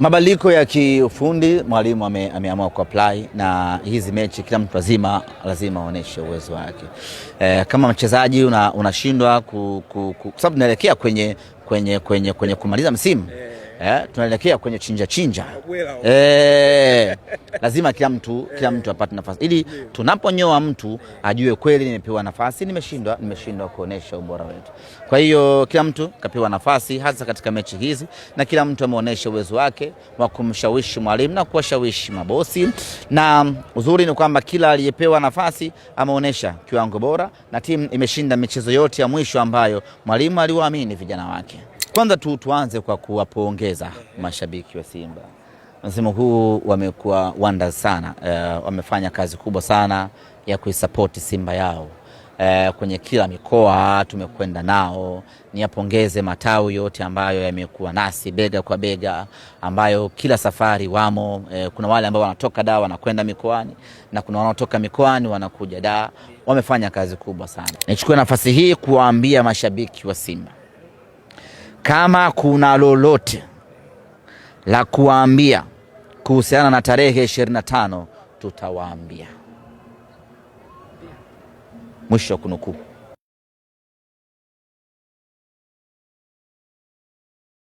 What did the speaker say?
Mabadiliko ya kiufundi mwalimu ameamua ame kuapply, na hizi mechi kila mtu lazima lazima aoneshe uwezo wake. E, kama mchezaji unashindwa una ku, ku, ku, sababu kwenye, kwenye, kwenye, kwenye kumaliza msimu eh, tunaelekea kwenye chinja chinja eh, lazima kila mtu kila mtu apate nafasi ili tunaponyoa mtu ajue kweli nimepewa nafasi, nimeshindwa, nimeshindwa kuonesha ubora wetu. Kwa hiyo kila mtu kapewa nafasi, hasa katika mechi hizi, na kila mtu ameonyesha uwezo wake wa kumshawishi mwalimu na kuwashawishi mabosi, na uzuri ni kwamba kila aliyepewa nafasi ameonyesha kiwango bora na timu imeshinda michezo yote ya mwisho ambayo mwalimu aliwaamini vijana wake. Kwanza tu tuanze kwa kuwapongeza mashabiki wa Simba. Msimu huu wamekuwa wanda sana uh, wamefanya kazi kubwa sana ya kuisapoti Simba yao uh, kwenye kila mikoa tumekwenda nao. niyapongeze matawi yote ambayo yamekuwa nasi bega kwa bega, ambayo kila safari wamo. Uh, kuna wale ambao wanatoka Dar wanakwenda mikoani na kuna wanaotoka mikoani wanakuja Dar. Wamefanya kazi kubwa sana. Nichukue nafasi hii kuwaambia mashabiki wa Simba kama kuna lolote la kuwaambia kuhusiana na tarehe 25 tutawaambia. Mwisho wa kunukuu.